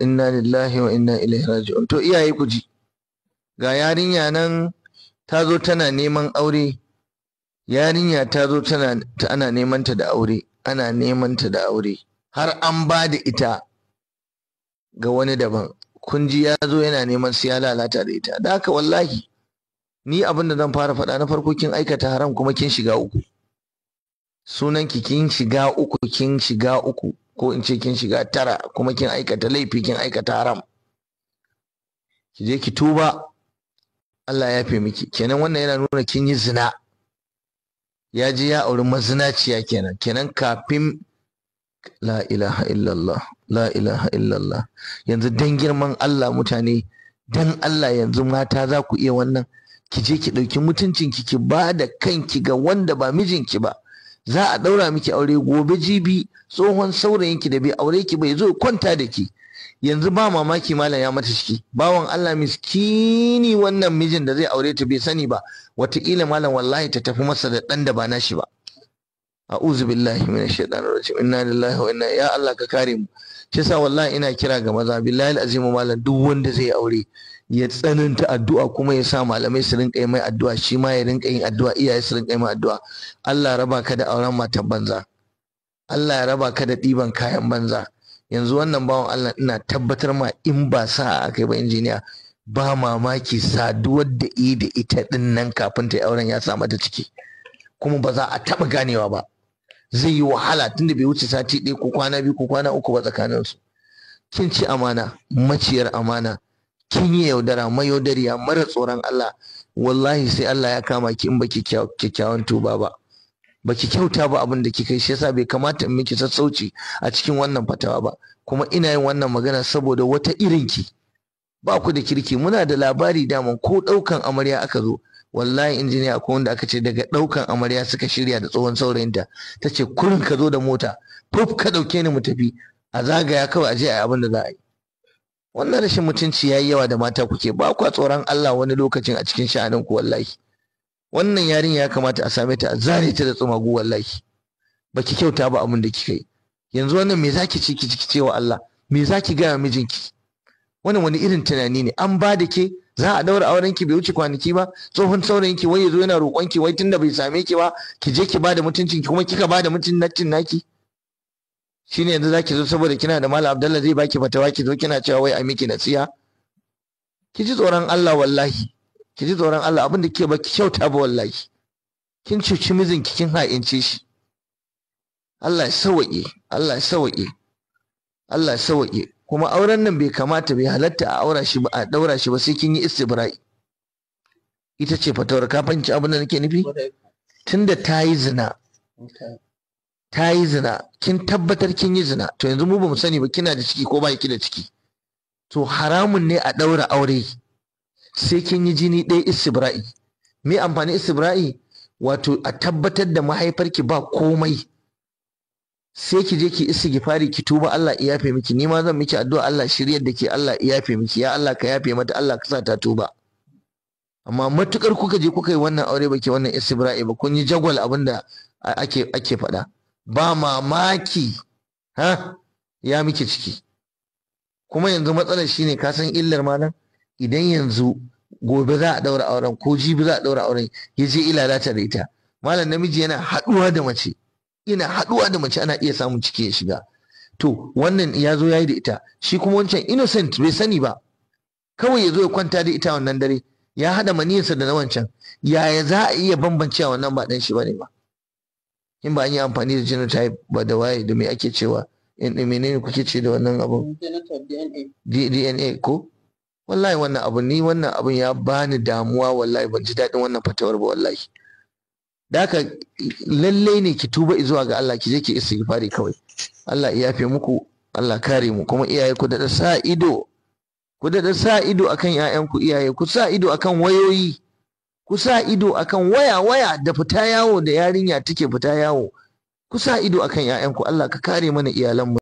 inna lillahi wa inna ilaihi raji'un to iyaye ku ji ga yarinya nan ta zo tana neman aure yarinya ta zo tana ana neman ta da aure ana neman ta da aure har an ba da ita ga wani daban kun ji ya zo yana neman su ya lalata da ita da haka wallahi ni abin da zan fara faɗa na farko kin aikata haram kuma kin shiga uku sunan ki kin shiga uku kin shiga uku ko in ce kin shiga tara kuma kin aikata laifi kin aikata haram ki je ki tuba Allah ya fi miki kenan wannan yana nuna kin yi zina ya ji ya auri mazinaciya kenan kenan kafin la ilaha illallah la ilaha illallah yanzu dan girman Allah mutane dan Allah yanzu mata za ku iya wannan ki je ki ɗauki mutuncinki ki ki ba da kanki ga wanda ba mijinki ba za a ɗaura miki aure gobe jibi tsohon saurayinki da bai aure ki bai zo kwanta da ki yanzu ba mamaki malam ya mata ciki bawan Allah miskini wannan mijin da zai aure ta bai sani ba watakila malam wallahi ta tafi masa da ɗan da ba nashi ba a'udhu billahi minash shaitanir rajim inna lillahi wa inna ya Allah ka kare mu shi yasa wallahi ina kira ga maza billahi alazim malam duk wanda zai aure ya tsananta addu'a kuma ya sa malamai su rinka mai addu'a shi ma ya rinka yin addu'a iyaye su rinka mai addu'a Allah raba ka da auren matan banza Allah ya raba ka da ɗiban kayan banza yanzu wannan bawan Allah ina tabbatar ma in ba sa akai yi ba injiniya ba mamaki saduwar da da ita din nan kafin ta yi auren ya sa mata ciki kuma ba za a taɓa ganewa ba zai yi wahala tunda bai wuce sati ɗaya ko kwana biyu ko kwana uku ba tsakaninsu kin ci amana maciyar amana kin yi yaudara mayaudariya mara tsoron Allah wallahi sai Allah ya kama ki in baki kyakkyawan tuba ba baki kyauta ba abin da kika yi shi yasa bai kamata in miki sassauci a cikin wannan fatawa ba kuma ina yin wannan magana saboda wata irin ki ba ku da kirki muna da labari daman ko ɗaukan amarya aka zo wallahi injiniya akwai wanda aka ce daga daukan amarya suka shirya da tsohon saurayinta ta ce kurin ka zo da mota fuf ka ɗauke ni mu tafi a zagaya kawai a je a yi abin da za a yi wannan rashin mutunci ya yi yawa da mata kuke ba kwa tsoron Allah wani lokacin a cikin sha'anin ku wallahi wannan yarinya ya kamata a same ta a zare ta da tsumagu wallahi baki kyauta ba abin da kika yi yanzu wannan me zaki ci ki cewa Allah me zaki gaya mijinki wannan wani irin tunani ne an ba da ke za a daura auren ki bai wuce kwanaki ba tsohon saurayin ki wai yazo yana roƙon ki wai tunda bai same ki ba ki je ki bada mutuncin ki kuma kika bada mutuncin naki shine yanzu zaki zo saboda kina da malam Abdallah zai baki fatawa ki zo kina cewa wai a miki nasiha ki ji tsoron Allah wallahi ki ji tsoron Allah abin da kike ba ki kyauta ba wallahi kin cuci mijinki kin ha'ince shi Allah ya sauke Allah ya sauke Allah sawaƙe kuma auren nan bai kamata bai halatta a aura shi ba a daura shi ba sai kin yi istibra'i ita ce fatawar ka fanci abin da nake nufi tunda ta yi zina ta yi zina kin tabbatar kin yi zina to yanzu mu ba mu sani ba kina da ciki ko ba ki da ciki to haramun ne a daura aure sai kin yi jini ɗaya istibra'i me amfani istibra'i wato a tabbatar da mahaifarki ba komai sai ki je ki istighfari ki tuba Allah ya yafe miki ni ma zan miki addu'a Allah shiryar da ke Allah ya yafe miki ya Allah ka yafe mata Allah ka sa ta tuba amma matukar kuka je kuka yi wannan aure ba baki wannan istibra'i ba kun yi jagwal abin da ake ake faɗa ba mamaki ha ya miki ciki kuma yanzu matsalar shine ka san illar malam idan yanzu gobe za a daura auren ko jibi za a daura auren ya je ilalata da ita malam namiji yana haɗuwa da mace ina haɗuwa da mace ana iya samun ciki ya shiga to wannan ya zo ya da ita shi kuma wancan innocent bai sani ba kawai ya zo ya kwanta da ita wannan dare ya haɗa maniyarsa da na wancan yaya za a iya bambancewa wannan ba ɗan shi ba ne ba in ba an yi amfani da genotype ba da waye da me ake cewa in ne kuke ce da wannan abu DNA ko wallahi wannan abu ni wannan abun ya bani damuwa wallahi ban ji daɗin wannan fatawar ba wallahi da haka lalle ne ki tuba zuwa ga Allah ki je ki istighfari kawai Allah ya yafe muku Allah kare mu kuma iyaye ku da sa ido ku da sa ido akan ku iyaye ku sa ido akan wayoyi ku sa ido akan waya waya da fita yawo da yarinya take fita yawo ku sa ido akan ku Allah ka kare mana iyalan mu